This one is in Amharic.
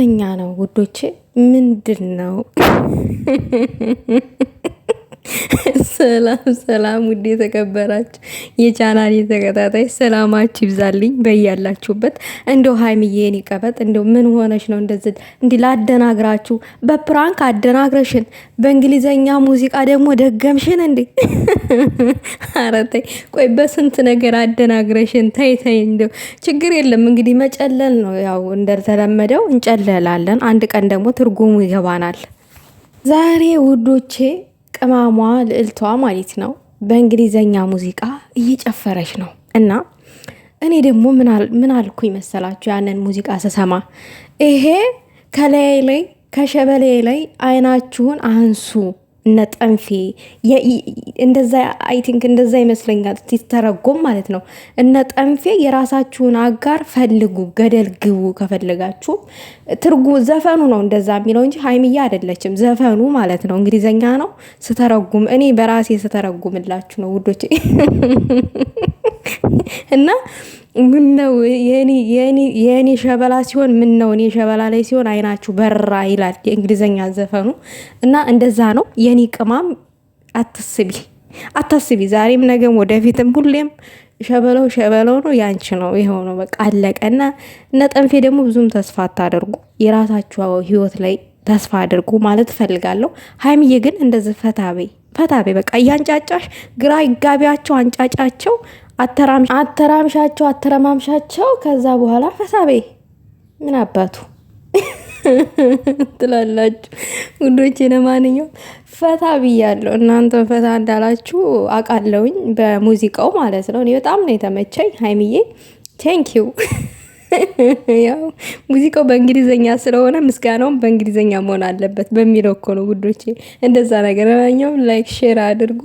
እኛ ነው ውዶቼ፣ ምንድን ነው ሰላም ሰላም፣ ውድ የተከበራችሁ የቻናል የተከታታይ ሰላማችሁ ይብዛልኝ በያላችሁበት። እንደው ሀይሚዬን ይቀበጥ እንደው ምን ሆነሽ ነው እንደዚህ እንዲ ላደናግራችሁ? በፕራንክ አደናግረሽን፣ በእንግሊዘኛ ሙዚቃ ደግሞ ደገምሽን እንዴ! ኧረ ተይ ቆይ፣ በስንት ነገር አደናግረሽን። ተይ ተይ፣ እንደው ችግር የለም እንግዲህ መጨለል ነው ያው እንደተለመደው እንጨለላለን። አንድ ቀን ደግሞ ትርጉሙ ይገባናል። ዛሬ ውዶቼ ቅማሟ ልዕልቷ ማለት ነው በእንግሊዘኛ ሙዚቃ እየጨፈረች ነው። እና እኔ ደግሞ ምን አልኩ ይመሰላችሁ? ያንን ሙዚቃ ስሰማ ይሄ ከላይ ላይ ከሸበሌ ላይ አይናችሁን አንሱ እነ ጠንፌ እንደዛ አይ ቲንክ እንደዛ ይመስለኛል ሲተረጎም ማለት ነው። እነ ጠንፌ የራሳችሁን አጋር ፈልጉ፣ ገደል ግቡ ከፈለጋችሁ። ትርጉ ዘፈኑ ነው እንደዛ የሚለው እንጂ ሀይምያ አይደለችም። ዘፈኑ ማለት ነው እንግሊዘኛ ነው ስተረጉም፣ እኔ በራሴ ስተረጉምላችሁ ነው ውዶች እና ምን ነው የእኔ ሸበላ ሲሆን ምን ነው እኔ ሸበላ ላይ ሲሆን አይናችሁ በራ ይላል የእንግሊዝኛ ዘፈኑ እና እንደዛ ነው። የኔ ቅማም አታስቢ አታስቢ፣ ዛሬም ነገም ወደፊትም ሁሌም ሸበለው ሸበለው ነው ያንቺ ነው የሆነው በቃ አለቀ። እና ነጠንፌ ደግሞ ብዙም ተስፋ አታደርጉ፣ የራሳችሁ ህይወት ላይ ተስፋ አድርጉ ማለት እፈልጋለሁ። ሀይምዬ ግን እንደዚህ ፈታቤ ፈታቤ በቃ እያንጫጫሽ ግራ ይጋቢያቸው አንጫጫቸው። አተራምሻቸው አተረማምሻቸው። ከዛ በኋላ ፈሳቤ ምን አባቱ ትላላችሁ ውዶቼ። ለማንኛውም ፈታ ብያለሁ። እናንተ ፈታ እንዳላችሁ አውቃለሁኝ፣ በሙዚቃው ማለት ነው። እኔ በጣም ነው የተመቸኝ። ሀይሚዬ ቴንኪው። ያው ሙዚቃው በእንግሊዝኛ ስለሆነ ምስጋናውም በእንግሊዝኛ መሆን አለበት በሚለው እኮ ነው ውዶቼ፣ እንደዛ ነገር። ለማንኛውም ላይክ ሼር አድርጉ።